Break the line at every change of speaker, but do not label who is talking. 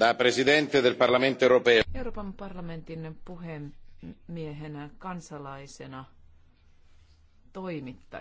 da presidente del parlamento europeo.
Euroopan parlamentin puhemiehenä kansalaisena toimittaja.